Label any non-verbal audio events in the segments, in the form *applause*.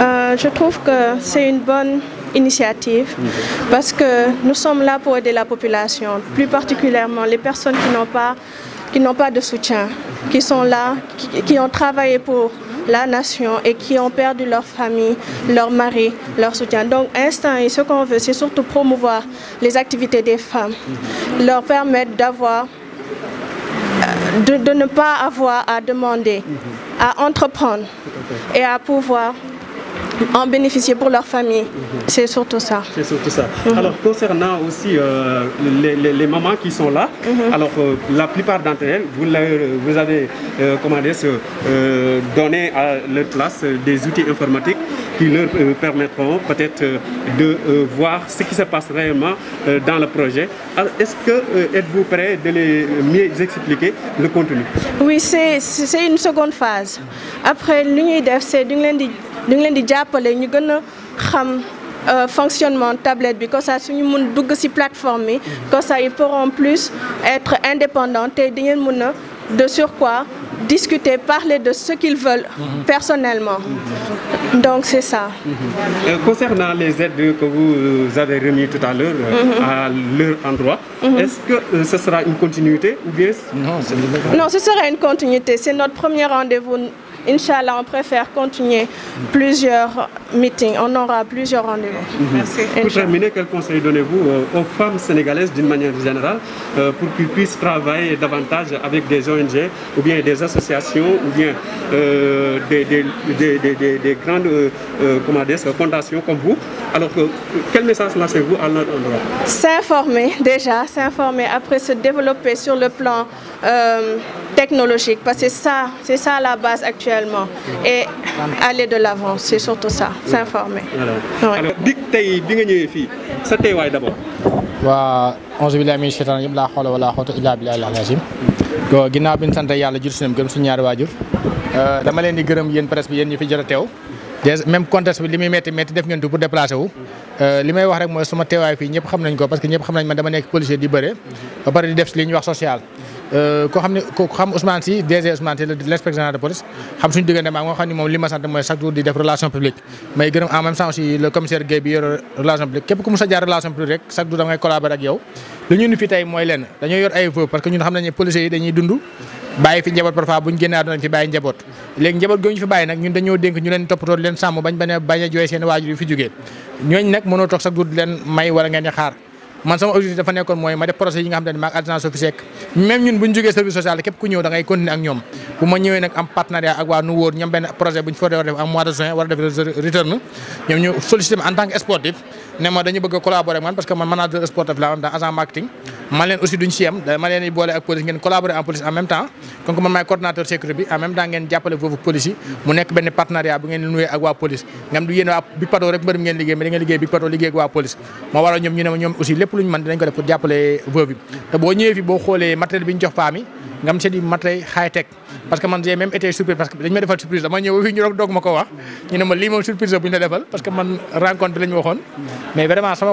Euh, je trouve que c'est une bonne initiative mhm. parce que nous sommes là pour aider la population, plus particulièrement les personnes qui n'ont pas, de soutien, qui sont là, qui ont travaillé pour la nation et qui ont perdu leur famille, leur mari, leur soutien. Donc, instant, et ce qu'on veut, c'est surtout promouvoir les activités des femmes, leur permettre d'avoir euh, de, de, ne pas avoir à demander, à entreprendre et à pouvoir en bénéficier pour leur famille. Mhm. C'est surtout ça. C'est surtout ça. Mhm. Alors concernant aussi euh, les, les, les, mamans qui sont là, mhm. alors euh, la plupart d'entre elles, vous, avez, vous avez euh, comment dire, euh, donné à leur classe euh, des outils informatiques qui leur euh, permettront peut-être de voir ce qui se passe réellement dans le projet. Alors est-ce que êtes-vous prêt de les mieux expliquer le contenu Oui, c'est une seconde phase. Après, l'unité, c'est d'une ñu ngi leen di jàppale ñu gën a xam euh, fonctionnement tablette bi comme ça suñu mun dugg si plateforme bi comme ça ils pourront plus être indépendants te di ngeen mun a de surcroît discuter, parler de ce qu'ils veulent mhm. personnellement. Mhm. Donc mhm. euh, Concernant les aides que vous euh, avez remises tout à l'heure euh, à leur endroit, est-ce que ce sera une continuité ou bien... Non, ce sera C'est notre premier rendez-vous. Inch'Allah, on préfère continuer plusieurs meetings. On aura plusieurs rendez-vous. Merci. Pour terminer, quel conseil donnez-vous aux femmes sénégalaises d'une manière générale pour qu'elles puissent travailler davantage avec des ONG ou bien des associations associations ou bien euh, des, des, des, des, grandes euh, euh, comment dire, fondations comme vous. Alors, euh, quel message lancez-vous à notre endroit S'informer déjà, s'informer, après se développer sur le plan euh, technologique, parce que ça, c'est ça la base actuellement. Et aller de l'avant, c'est surtout ça, s'informer. Alors, oui. alors, waa onze billahi min cheytaan yëpp laa xoola wala xoota illaa billahi al azim ginnaaw bi ñu sant yàlla jur suñu gërëm suñu ñaari waajur euh, dama leen di gërëm yéen presse bi ñu fi jot a teew même contexte bi li muy métti métti def ngeen tu pour déplacé euh, li may wax rek mooy suma teewaay fii ñëpp xam nañ ko parce que ñëpp xam nañ man dama nekk policier di bëre ba pare di def li ñuy wax social Euh, koo xam ne ko xam Ousmane Sy DG Ousmane Sy l'inspecteur général de police xam suñu diggante maa nga xam ne moom li ma mooy chaque jour di def relation publique may gërëm en même temps aussi commissaire Guèye bi yor relation publique képp ku mu sa relation publique rek chaque jour da ngay ak yow li ñu fi tey mooy lenn dañoo yor ay vœux parce que ñun xam nañu policiers yi dañuy dund bàyyi fi njaboot parfois bu génnee àdduna fi bàyyi man sama objectif dafa nekkoon mooy ma projet yi nga xam ne maag alternance Sofi Seck même ñun bu ñu jógee service social képp ku ñëw da continuer ak ñoom bu ma ñëwee nag am partenariat ak waa nu wóor ñoom benn projet bu ñu fa a def en mois de juin war a def return ñoom ñu sollicité en tant que sportif ne ma dañu bëgg a collaborer man parce que man manager sportif la am dans agent marketing man leen aussi duñ si yem ma leen di boole ak police ngeen collaborer en police en même temps kon man maay coordonnateur sécurité bi en même temps ngeen jàppale foofu police mu nekk benn partenariat bu ngeen nuyee ak waa police nga xam du waa Big Pato rek ngeen liggéey Big Pato bi te boo bi ñu jox faam yi nga xam high tech parce que man j'ai même été surprise parce que man rencontre bi la waxoon mais vraiment sama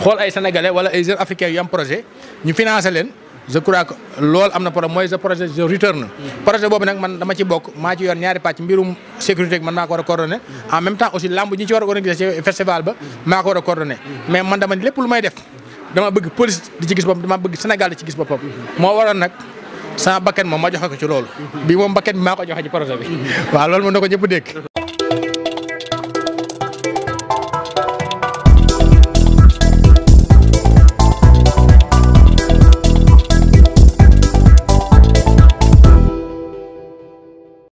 xool ay sénégalais wala ay jeunes africains yu am projet ñu financé leen je crois que loolu am na problème mooy ce projet je return projet boobu nag man dama ci bokk maa ci yor ñaari pàcc mbirum sécurité bi war a coordonné en même temps aussi lamb ñi ci war a organiser ci festival mais man dama lépp lu may def dama bëgg police di ci gis boppam dama bëgg Sénégal di ci gis boppam moo waroon nag sama bakkan moom ma joxe ko ci loolu bi moom bakkan bi maa ko joxe ci projet bi *laughs* waaw loolu mën na ñëpp dégg